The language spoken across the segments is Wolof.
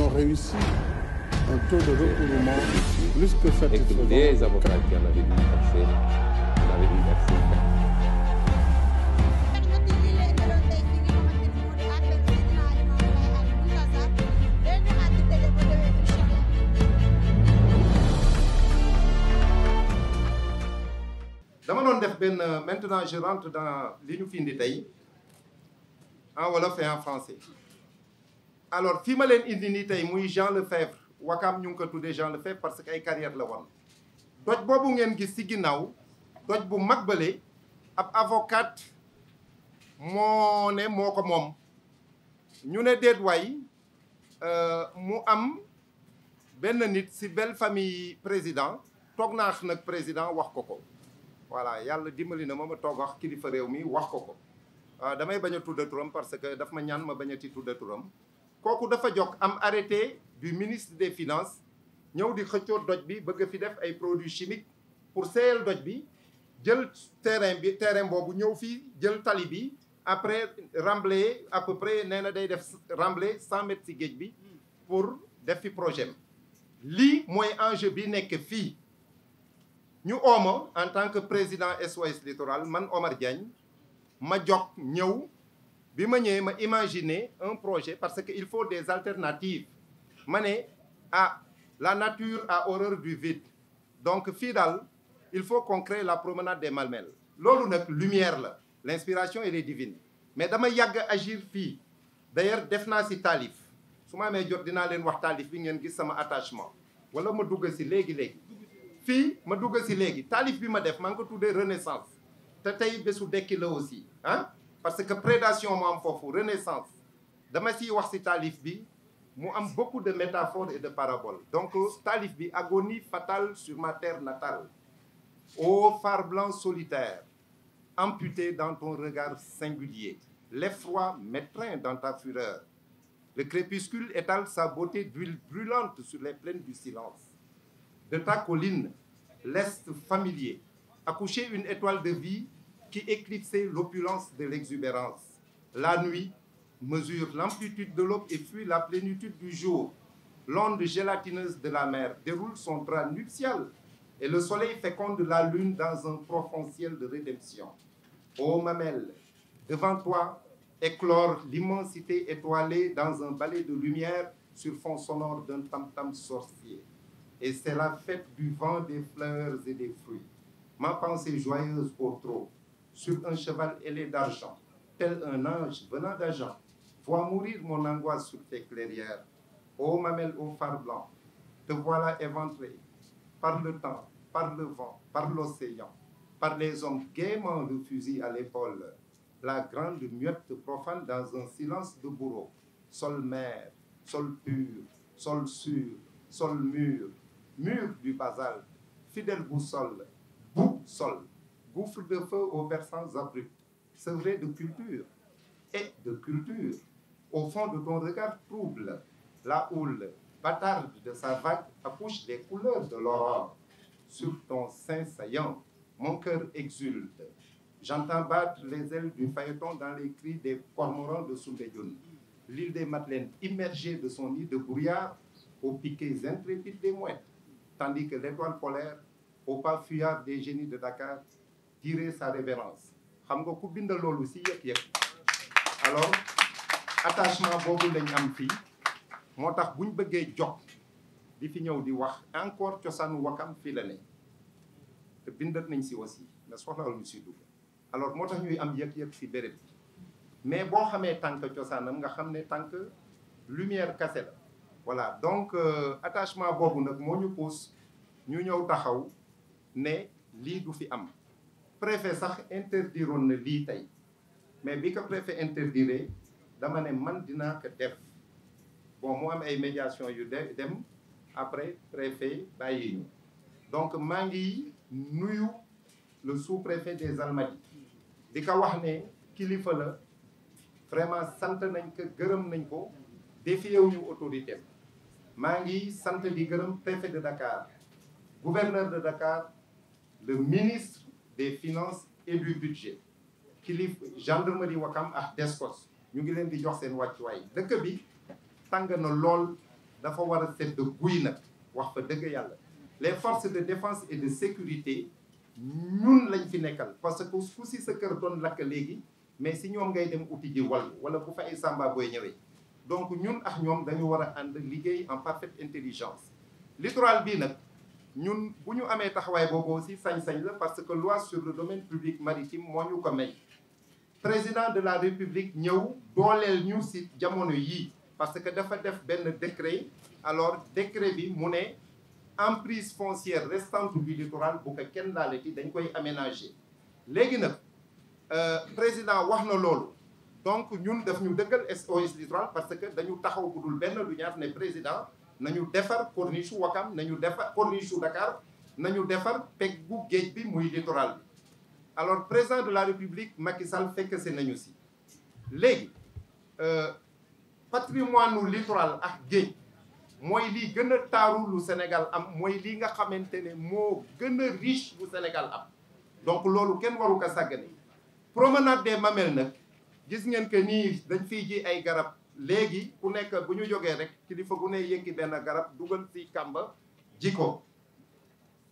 qui ont réussi un taux de recouvrement plus que satisfaisant. Et que les avocats qui en avaient dû verser, en avaient dû verser. dama doon def benn euh, maintenant je rentre dans li ñu fi indi tey en wolof et en français alors fi ma leen indi nii tey muy Jean Lefebvre Wakaam ñu ngi ko tuddee Jean Lefebvre parce que ay carrière la woon doj boobu ngeen gis ci ginnaaw doj bu mag bële ab avocate moo ne moo ko moom ñu ne déet waay euh, mu am benn nit ci benn famille président toog naa nag président wax ko ko voilà yàlla dimbali na ma ma toog wax kilifa réew mi wax ko ko euh, damay bañ a tudda turam parce que daf ma ñaan ma bañ a ci tudda turam kooku dafa jog am arrêté du ministre des finances ñëw di xëccoo doj bi bëgg fi def ay produits chimiques pour seeyal doj bi jël terrain bi terrain boobu ñëw fii jël tali bi après remblayer à près nee na day def remblayer cent mètres ci géej bi pour def fi projet lii mooy enjeu bi nekk fii ñu ooma en tant que président SOS littoral man Omar Diagne ma jox ñëw bi ma ñëwee ma imaginer un projet parce que il faut des alternatives ma ne ah la nature a horreur du vide donc fii daal il faut qu'on crée la promenade de Malmelles loolu nag lumière la l'inspiration elle est divine mais dama yàgg agir fii d'ailleurs def naa si taalif su ma amee jot dinaa leen wax taalif bi ngeen gis sama attachement wala ma dugg si léegi-léegi fii ma dugg si léegi taalif bi ma def maa ngi ko tuddee renaissance te tey bésu dekki la aussi ah parce que prédation mu am foofu renaissance dama ciy wax ci taalif bi mu am beaucoup de métaphores et de paraboles donc taalif bi agonie fatale sur ma terre natale ô phare solitaire amputé dans ton regard singulier l'effroi m'étreint dans ta fureur le crépuscule étale sa beauté d'huile brûlante sur les plaines du silence de ta colline l'est familier accoucher une étoile de vie qui éclipsait l'opulence de l'exubérance. La nuit mesure l'amplitude de l'aube et puis la plénitude du jour. L'onde gélatineuse de la mer déroule son bras nuptial et le soleil féconde la lune dans un profond ciel de rédemption. Ô mamelle, devant toi éclore l'immensité étoilée dans un ballet de lumière sur fond sonore d'un tam-tam sorcier. Et c'est la fête du vent des fleurs et des fruits. Ma pensée joyeuse au trône sur un cheval ailé d'argent, tel un ange venant d'argent. Vois mourir mon angoisse sur tes clairières. Ô mamelle au phare te voilà éventrée par le temps, par le vent, par l'océan, par les hommes gaiement le fusil à l'épaule. La grande muette profane dans un silence de bourreau. Sol mer, sol pur, sol sûr, sol mûr, mur du basal, fidèle boussole, gouffre de feu aux versants abrupts, sevré de culture et de culture, au fond de ton regard trouble, la houle, bâtarde de sa vague, accouche les couleurs de l'aurore. Sur ton sein saillant, mon cœur exulte. J'entends battre les ailes du phaéton dans les cris des cormorans de Soumbédioune. L'île des Madeleines, immergée de son nid de brouillard, aux piquets intrépides des mouettes, tandis que l'étoile polaire, au pas des génies de Dakar, dirait sa révérence xam nga ku bind loolu si yëg-yëg alors attachement boobu lañ am fii moo tax buñ bëggee jot di fi ñëw di wax encore cosaanu wakam fii la ne te bindat nañ si aussi mais soxlawul si alors moo tax ñuy am yëg-yëg si béréb mais boo xamee tànk cosaanam nga xam ne tànk lumière kase voilà donc euh, attachement boobu nag moo ñu pousse ñu ñëw taxaw ne lii du fi am préfet sax interdiroon na lii tey mais bi ko préfet interdire dama ne man dinaa ko def bon mu am ay médiation yu de dem après préfet bàyyi ñu donc maa ngi nuyu le sous-préfet des Almadies di ko wax ne kilifa la vraiment sant nañ ko gërëm nañ ko défiewuñu autorité maa ngi sant di gërëm préfet de Dakar gouverneur de Dakar le ministre des finance et du budget kilif gendarmerie Wakam ak DSCOS ñu ngi leen di jox seen wàccuwaay dëkk bi tàng na lool dafa war a sedd guy nag wax fa dëgg yàlla les forces de defence et de sécurité ñun lañ fi nekkal parce que fu si sa kër doon lakk léegi mais si ñoom ngay dem uti ji wàll wala bu fa ay samba booy ñëwee donc ñun ak ñoom dañu war a ànd liggéey en parfaite intelligence littoral bii nag ñun bu ñu amee taxawaay boobu aussi sañ-sañ la parce que loi sur le domaine public maritime moo ñu ko may président de la république ñëw dooleel ñu si jamono yii parce que dafa def benn décret alors décret bi mu ne emprise foncière restante du littoral bu ko kenn laalati dañ koy aménager léegi nag euh, président wax na loolu donc ñun daf ñu dëggal SOS littoral parce que dañu taxaw bu benn lu ñaat ne président nañu defar corniche su Wakam nañu defar corniche su Dakar nañu defar peggu géej bi muy littoral bi alors président de la République Macky Sall fekk see nañu si léegi euh, patrimoine u littoral ak géej mooy lii gën a taaru lu Sénégal am mooy lii nga xamante ne moo gën a riche bu Sénégal am donc loolu kenn waru ko sàggane promenade des Mamelles na gis ngeen que nii dañ fii ji ay garab léegi ku nekk bu ñu jogee rek kilifa gu ne yëkki benn garab dugal fi kàmba ji ko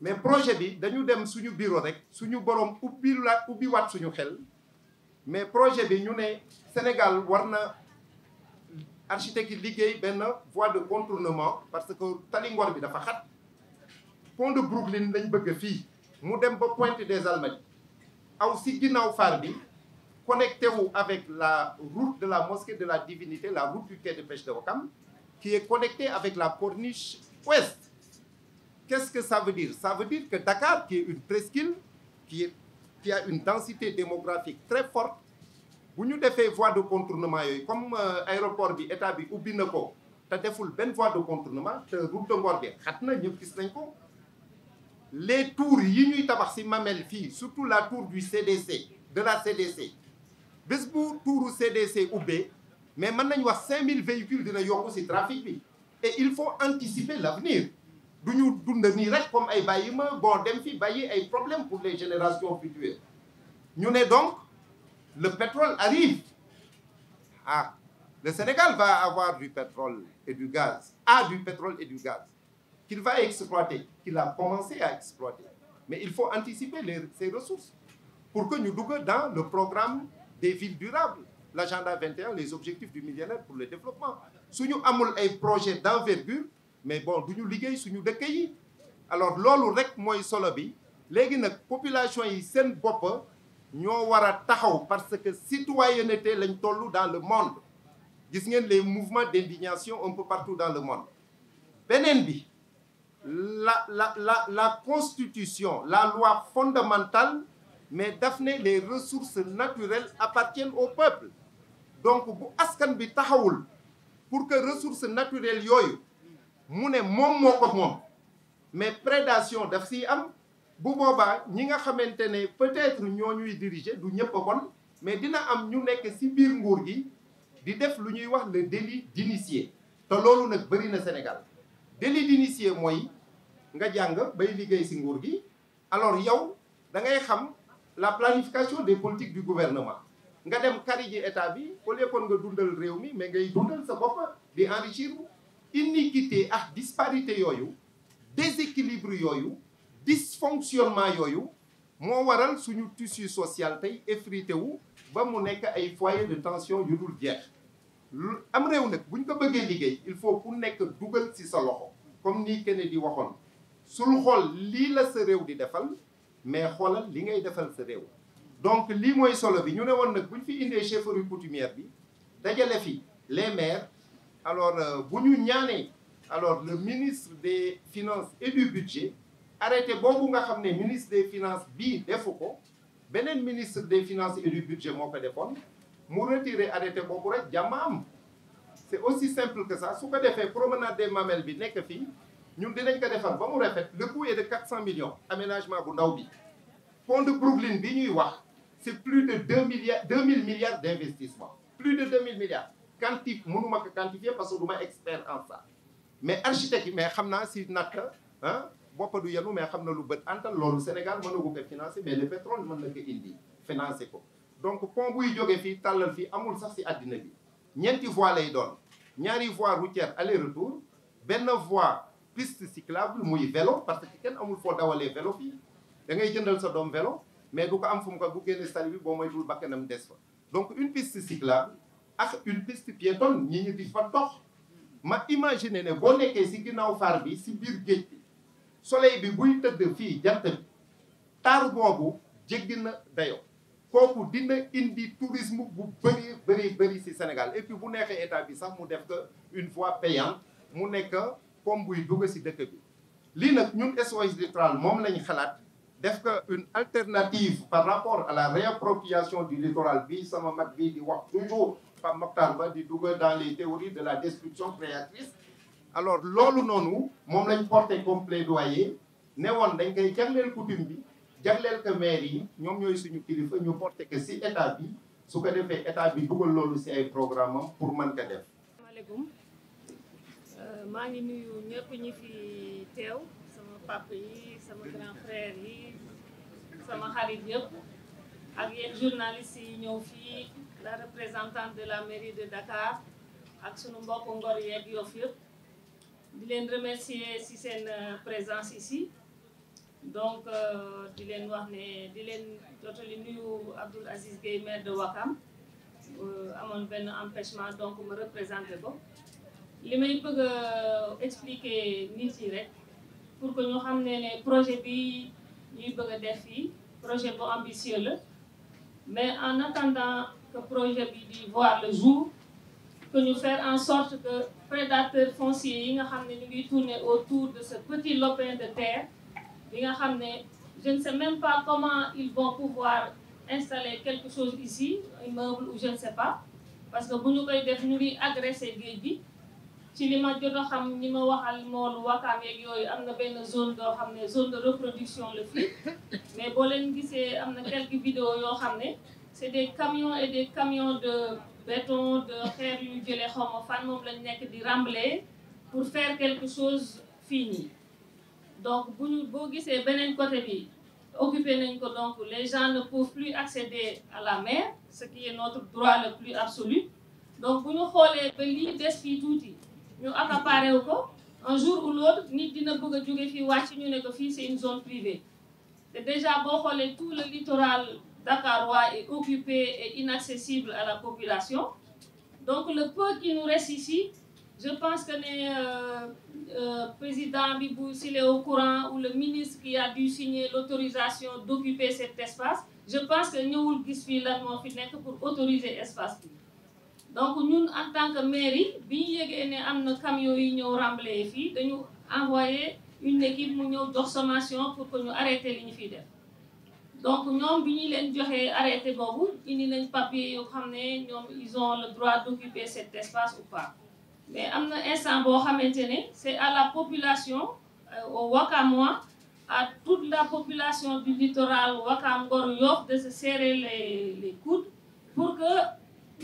mais projet bi dañu dem suñu bureau rek suñu borom ubbi la ubbi waat suñu xel mais projet bi ñu ne Sénégal war na architecte liggéey benn voie de contournement parce que tali bi dafa xat pont de Brooklyn lañ bëgg fii mu dem ba Pointe des Almadies aw si ginnaaw faar bi connectez-vous avec la route de la mosquée de la divinité, la route du quai de pêche de Wakam, qui est connectée avec la corniche ouest. Qu'est-ce que ça veut dire Ça veut dire que Dakar, qui est une presqu'île, qui, a une densité démographique très forte, bu ñu defee voie de contournement yooyu comme euh, aéroport bi état bi ubbi na ko te deful benn voie de contournement te route de Ngor bi xat na ñëpp gis nañ ko les tours yi ñuy tabax ci Mamel fii surtout la tour du CDC de la CDC bés bu tuuru CDC ubbee mais mën nañ wax 5000 véhicules dina yokku ci trafic bi et il faut anticiper l'avenir du ñu dund nii rek comme ay bàyyi ma bon dem fi bàyyi ay problèmes pour les générations futures ñu ne donc le pétrole arrive ah le Sénégal va avoir du pétrole et du gaz a du pétrole et du gaz qu'il va exploiter qu'il a commencé à exploiter mais il faut anticiper les, ressources pour que ñu dugg dans le programme des villes durables l'agenda 21 les objectifs du millénaire pour le développement suñu amul ay projet d'envergure mais bon du ñu liggéey suñu dëkk yi alors loolu rek mooy solo bi léegi nag population yi seen bopp ñoo war a taxaw parce que citoyenneté lañ toll dans le monde gis ngeen les mouvements d'indignation un peu partout dans le monde beneen bi la la la la constitution la loi fondamentale mais daf ne les ressources naturelles appartiennent au peuple donc bu askan bi taxawul pour que ressources naturelles yooyu mu ne moom moo ko moom mais prédation daf siy am bu boobaa ñi nga xamante ne peut-être ñoo ñuy diriger du ñëpp a bon mais dina am ñu nekk ci biir nguur gi di def lu ñuy wax le délit d'initié te loolu nag bëri na Sénégal délit d'initié mooy nga jàng bay liggéey ci nguur gi alors yow da ngay xam la planification des politique du gouvernement nga dem kari ji état bi au lieu nga dundal réew mi mais ngay dundal sa bopp di enrichir iniquité ak disparité yooyu déséquilibre yooyu dysfonctionnement yooyu moo waral suñu tissu social tey effrité wu ba mu nekk ay foyer de tension yu dul jeex am réew nag buñ ko bëggee liggéey il faut ku nekk dugal ci sa loxo comme ni Kennedy di waxoon sul xool lii la sa réew di defal mais xoolal li ngay defal sa réew donc lii mooy solo bi ñu ne woon nag bu ñu fi indee chefferie coutumière bi dajale fi les maires alors euh, bu ñu ñaanee alors le ministre des finances et du budget arrêté boobu nga xam ne ministre des finances bi defu ko beneen ministre des finances et du budget moo ko defoon mu retiré arrêté boobu rek jàmm am c'est aussi simple que ça su ko defee promenade des mamelles bi nekk fii ñun dinañ ko defar ba mu rafet le coût est de 400 millions aménagement bu ndaw bi pont de Brooklyn bi ñuy wax c'est plus de 2 milliards 2000 milliards d'investissement plus de 2000 milliards quanti mënuma ko quantifier parce que du ma expert en ça mais architecte mais xam naa si natt ah boppa du yenu mais xam na lu bët antal loolu Sénégal mën na ko financer mais le pétrole mën na ko indi financer ko donc pont buy joge fii tàllal fii amul sax si àddina bi ñeenti voies lay doon ñaari voies routières aller retour benn voie piste cyclable muy vélo parce que kenn amul foo dawalee vélo fii da ngay jëndal sa doom vélo mais du ko am fu mu ko bu génnee sali bi boo moytuwul bakkanam des fa donc une piste cyclable ak une piste piétonne ñi ñu di fa dox ma imaginer ne boo nekkee si ginnaaw faar bi si biir géej bi soleil bi buy tëdd fii jant bi taar boobu jéggi na dayo kooku dina indi tourisme bu bëri bëri bëri si Sénégal et puis bu neexee état bi sax mu def que une fois payant mu nekk koom buy dugg si dëkk bi lii nag ñun SOS littoral moom lañu xalaat def ka une alternative par rapport à la réappropriation du littoral bi sama mat bi di wax toujours Pape Mokhtar Ba di dugg dans les théories de la destruction créatrice alors loolu noonu moom lañ porté comme plaidoyer ne woon dañ koy jagleel coutume bi jagleel ko maire yi ñoom ñooy suñu kilifa ñu porté que si état bi su ko defee état bi dugal loolu si ay programme pour mën ko def. Euh, maa ngi nuyu ñëpp ñi fi teew sama papa yi sama grand frère yi sama xarit yëpp ak yéen journalistes yi ñëw fii la représentante de la mairie de Dakar ak sunu mbokku Ngor yeeg Yoff yëpp di leen remercier ci seen euh, présence ici donc euh, di leen wax ne di leen jotali nuyu Abdoul Aziz Gueye maire de Wakam amoon benn empêchement donc ma représenté ko li may bëgg a expliquer ni yi rek pour que ñu xam ne ne projet bi ñuy bëgg a def yi projet bu ambitieux la mais en attendant que projet bi di voir le jour que ñu faire en sorte que prédateurs fonciers yi nga xam ne ñu ngi tourner autour de ce petit lopin de terre bi nga xam ne je ne sais même pas comment ils vont pouvoir installer quelque chose ici immeuble ou je ne sais pas parce que bu ñu koy def ñu ngi agresser géej bi ci li ma jot a xam ñi ma waxal moolu wakaam yeeg yooyu am na benn zone boo xam ne zone de reproduction la fii mais boo leen gisee am na quelques vidéos yoo xam ne c' est des camions et des camions de béton de xeer yu jëlee xaw ma fan moom lañ nekk di remblayer pour faire quelque chose fii nii donc bu boo gisee beneen côté bi occupé nañ ko donc les gens ne peuvent plus accéder à la mer ce qui est notre droit le plus absolu donc bu xoolee ba lii des fii tuuti ñu accaparé wu ko un jour ou l'autre nit dina bëgg a jóge fii wàcc ñu ne ko fii c'est une zone privée te déjà boo xoolee tout le littoral dakarois est occupé et inaccessible à la population donc le peu qui nous reste ici je pense que ne euh, euh, président bi bu s'il est au courant ou le ministre qui a dû signer l'autorisation d'occuper cet espace je pense que ñëwul gis fii la moo fi nekk pour autoriser espace bi donc ñun en tant que mairie bi ñu yëgee ne am na camion yi ñëw remblayer fii dañu envoyé une équipe mu ñëw jox sommation pour que ñu arrêté li ñu fiy def donc ñoom bi ñu leen joxe arrêté boobu indi nañ papier yoo xam ne ñoom ils ont le droit d'occuper cet espace ou pas mais am na instant boo xamante ne c'est à la population euh, au Wakamois à toute la population du littoral Wakam Ngor Yoff de se serrer les pour que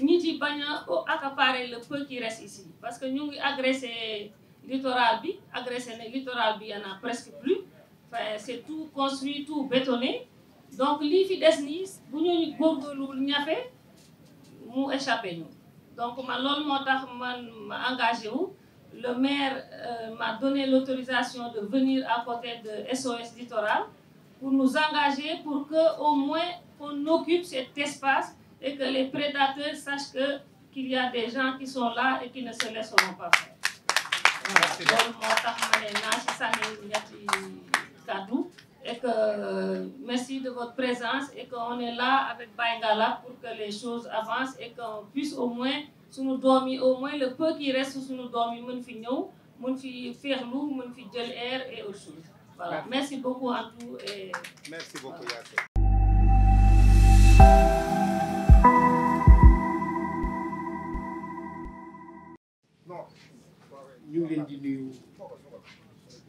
nit yi o a accaparer le peu qui reste ici parce que ñu ngi agressé littoral bi agressé ne littoral bi y en a presque plus enfin c' est tout construit tout bétonné donc lii fi des nii bu ñu góorgóorlu ñafe mu échappé ñu donc man loolu moo tax man ma engagé wu le maire euh, m'a donné l'autorisation de venir à côté de SOS Littoral pour nous engager pour que au moins on occupe cet espace et que les prédateurs sachent que qu'il y a des gens qui sont là et qui ne se laisseront pas faire loolu moo tax ma ne naa si sànni ñetti kàddu et que euh, merci de votre présence et qu'on est là avec Baye Ngalla pour que les choses avancent et qu'on puisse au moins suñu doom yi au moins le peu qui reste suñu doom yi mën fi ñëw mën fi féexlu mën fi jël air et autre chose voilà merci beaucoup en tout et merci beaucoup Yassine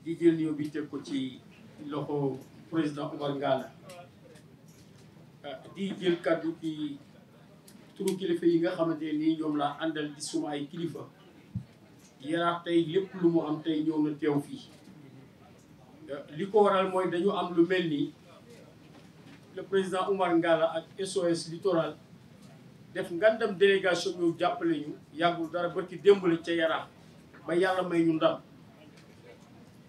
di jël nuyoo bi teg ko ci loxo président Omar Ngalla di jël kàddu ci turu kilifa yi nga xamante nii ñoom laa àndal di suma ay kilifa yaraax tey lépp lu mu am tey ñëw na teew fii li ko waral mooy dañu am lu mel nii le président Omar Ngalla ak SOS littoral def ngandam délégation ñëw jàppale ñu yàggul dara ba ci démb la ca yaraax ba yàlla may ñu ndam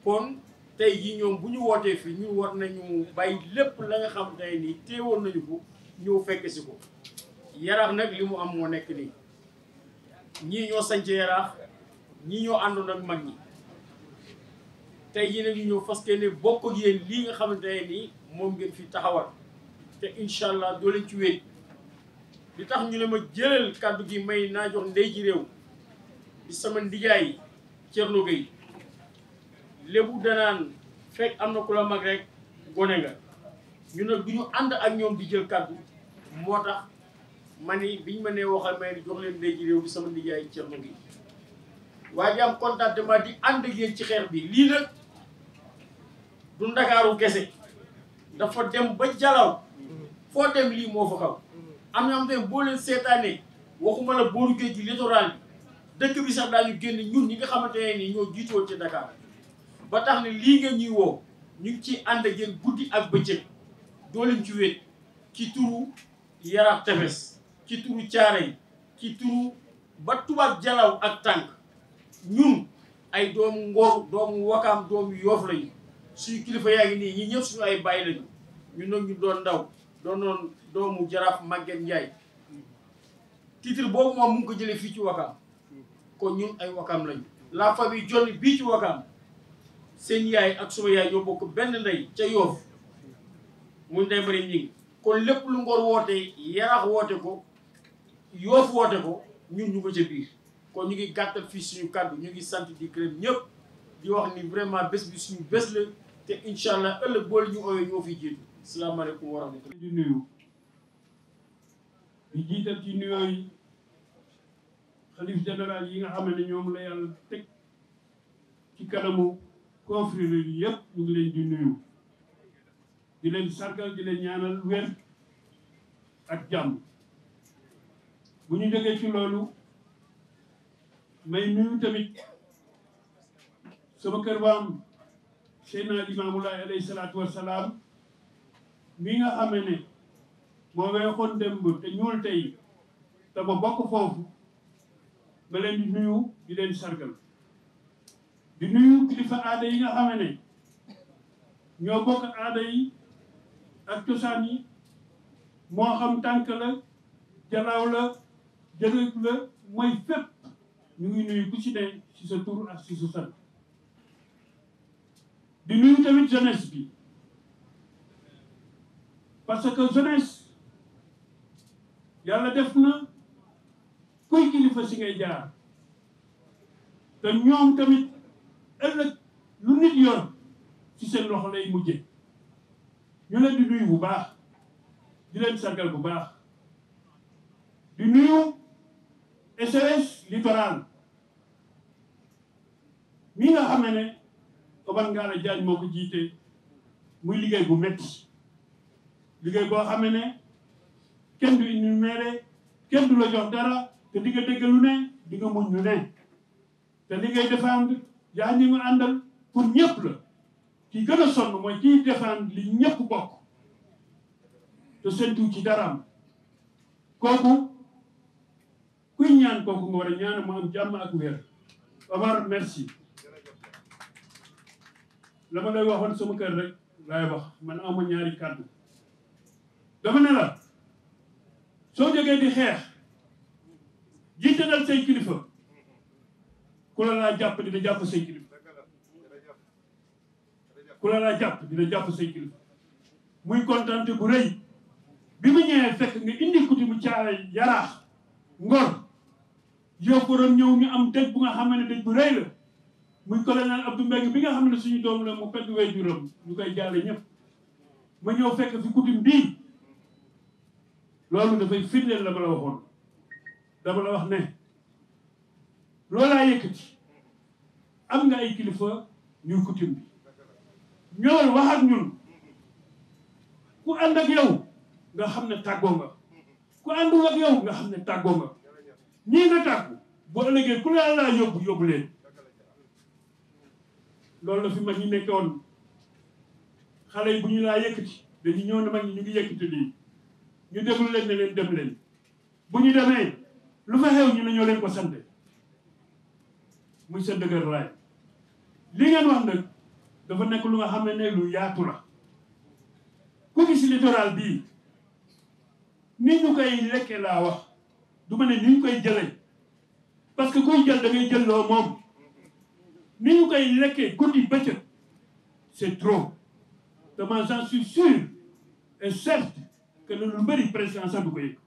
kon tey jii ñoom bu ñu wootee fii ñun war nañu bàyyi lépp la nga xam tey nii teewoon nañu bu ñëw fekk si ko yaraax nag li mu am moo nekk nii ñi ñoo sanc yaraax ñii ñoo àndoon ak mag ñi tey jii nag ñu ñëw fas ne bokk ak yéen nga xamante ne nii moom ngeen fi taxawal te incha allah doo leen ci wéet li tax ñu ne ma jëlal kàddu gi may naa jox ndey ji réew di sama ndijaay Thierno Gueye lébu danaan fekk am na ku la mag rek gone nga ñu nag du ñu ànd ak ñoom di jël kàddu moo tax ma ni biñ ma nee waxal may jox leen ndey ji bi sama nijaay ci ma ngi waaye di di ànd ak yéen ci xeex bi lii nag du ndakaaru gese dafa dem ba jalaw foo dem lii moo fa xaw am na am dem boo leen seetaanee waxuma la booru géej gi littoral bi dëkk bi sax daañu génn ñun ñi nga xamante ne ni ñoo jiitoo ci Dakar ba tax ne lii nga ñuy woo ñu ngi ciy ànd ak yéen guddi ak bëccëg doo leen ci wéet ci turu Yaraax Tefes ci turu Caaray ci turu ba tubaab jalaw ak tànk ñun ay doomu Ngor doomu Wakaam doomu Yoof lañu suñu kilifa yaa ngi nii ñi ñëpp suñu ay bàyyi lañu ñun nag ñu doon ndaw doonoon doomu jaraaf Maguette Ndiaye titre boobu moom mu ngi ko jëlee fii ci Wakaam kon ñun ay Wakaam lañu la famille Jonn bii ci Wakaam seen yaay ak suma yaay ñoo bokk benn ndey ca yoof mu ndey mari ñing kon lépp lu ngor woote yarax woote ko yoof woote ko ñun ñu ko ca biir kon ñu ngi gàttal fii suñu kàddu ñu ngi sant di gërëm ñëpp di wax ni vraiment bés bi suñu bés la te incha allah ëllëg boole ñu ooyee ñoo fi jiitu salaamaaleykum wa rahmatulah di nuyu di jiital ci nuyoo yi xalif général yi nga xam ne ñoom la yàlla teg ci kanamu confrérie yi yëpp ñu ngi leen di nuyu di leen sargal di leen ñaanal wér ak jàmm bu ñu jógee ci loolu may nuyu tamit sama kër baam Seydina Limaamu Laay alayhi salaatu wassalaam bi nga xamee ne moo weexoon démb te ñuul tey te ma bokk foofu ma leen di nuyu di leen sargal di nuyu kilifa aada yi nga xamee ne ñoo bokk aada yi ak cosaan yi moo xam tànk la jaraaw la jërëg la mooy fépp ñu ngi nuyu ku ci ne ci sa tur ak ci di nuyu tamit jeunesse bi parce que jeunesse yàlla def na kuy kilifa si ngay jaar te ñoom tamit ëllëg lu nit yoon ci seen loxo lay mujje ñu leen di nuyu bu baax di leen sargal bu baax di nuyu s littoral mi nga xamee ne Oban Ngalla Diagne moo ko jiite muy liggéey bu métti liggéey boo xamee ne kenn du indi meere kenn du la jox dara te di nga dégg ne di nga muñ lu ne te li ngay yaa ñi mu àndal pour ñëpp la ki gën a sonn mooy kiy défendre li ñëpp bokk te seentu ci daraam kooku kuy ñaan kooku nga war a ñaan mu am jàmm ak wér Omar merci la ma lay waxoon sama kër rek wax man ama ñaari kàddu dama ne la soo jógee di xeex jiitalal say kilifa ku la laa jàpp dina jàpp say kilifa ku la laa jàpp dina jàpp say kilifa muy kontante bu bi mu ñëwee fekk nga indi kuti mu caara yaraax ngor ñëw ñu am dëj bu nga xam ne dëj bu rëy la muy colonel Abdou Mbengue bi nga xam ne suñu doom la mu fekk way juróom ñu koy jàlle ñëpp ma ñëw fekk loolu dafay firndeel la ma waxoon dama la wax ne loolaa yëkkati am nga ay kilifa ñu coutume bi ñoom wax ñun ku ànd ak yow nga xam ne tàggoo nga ku àndul ak yow nga xam ne tàggoo nga ñii nga tàggu boo ëllëgee ku la laa yóbbu yóbbu leen loolu la fi mag ñi nekkoon xale yi bu ñu laa yëkkati dañu ñëw na mag ñu ngi yëkkati lii ñu déglu leen ne leen dem leen bu ñu demee lu fa xew ñu ne ñoo leen ko muy sa dëgër raay li ngeen wax nag dafa nekk lu nga xam ne lu yaatu la ku gis littoral bii ni ñu koy lekke laa wax du ma ne ni ñu koy jëlee parce que kuy jël da ngay jël loo moom ni ñu koy lekkee guddi bëccëg c'est trop te man j'en suis sûr et certain que lu bëri président sax du ko yëg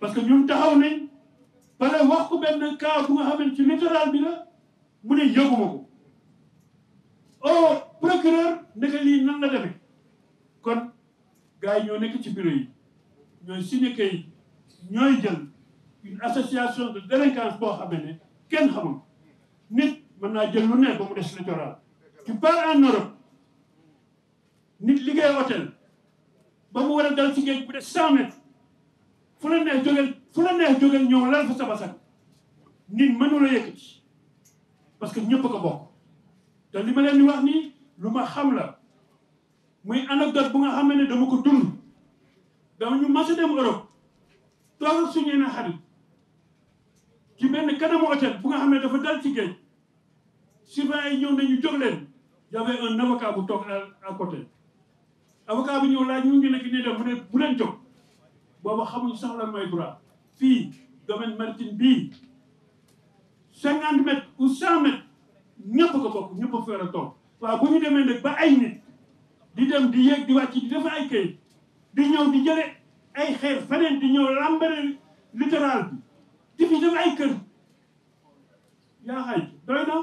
parce que ñun taxaw nañ pare wax ko benn cas bu nga xam ci littoral bi la mu ne yëguma ko oh procureur ndeke lii nan la demee kon gars yi ñoo nekk ci bureau yi ñooy signé kayit ñooy jël une association de délinquance boo xam ne kenn xamul nit mën naa jël lu ne ba mu des littoral tu pars en Europe nit liggéey hôtel ba mu war dal ci géej bu des cent fu la neex jógeel fu la neex jógeel ñëw lal fa sama sax nit mënu la yëkkati parce que ñëpp ko bokk te li ma leen wax nii lu ma xam la muy anecdote bu nga xam ne dama ko dund dama ñu mas a dem Europe toog na xarit ci benn kanamu hôtel bu nga xam ne dafa dal ci géej surveillant yi ñëw nañu jóg leen y avait un avocat bu toog à côté avocat bi ñëw laaj ñu ngi nekk nii dem mu ne bu leen jóg booba xamuñ sax lan mooy droit fii domaine maritime bii cinquante mètres ou cent mètres ñëpp ko bokk ñëpp a feer a toog waaw bu ñu demee nag ba ay nit di dem di yéeg di wàcc di def ay kayit di ñëw di jële ay xeer feneen di ñëw lambare littoral bi di fi def ay kër yaa doy na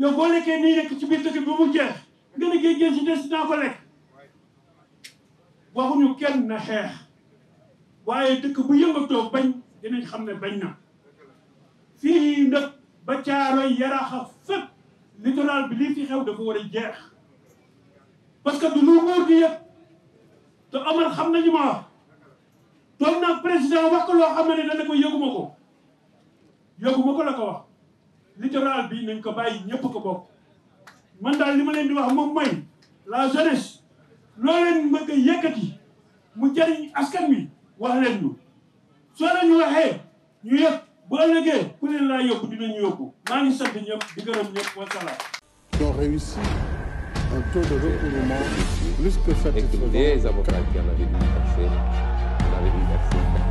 yow boo lekkee nii nekk ci bii dëkk bi mu jeex nga ne géej géej si des naa ko lekk waxuñu kenn na xeex waaye dëkk bu yëngatoo bañ dinañ xam ne bañ na fii nag ba caaroy yaraxa fépp littoral bi fi xew dafa war a jeex parce que du lu nguur gi yëpp te amal xam nañu ma wax toog nag président wax ko loo xam ne dana ko yëguma ko yëguma ko la ko wax littoral bi nañ ko bàyyi ñëpp ko bokk man daal li ma leen di wax moom mooy la jeunesse loo mu bëgg a yëkkati mu jëriñ askan wi wax ñu soo ñu waxee ñu yëpp bu ëllëgee ku leen laa yóbbu dinañu yóbbu maa ngi sant ñëpp di gërëm ñëpp wasalaam. ont réussi un de recouvrement plus que satisfaisant. Et que les avocats qui en avaient dû verser,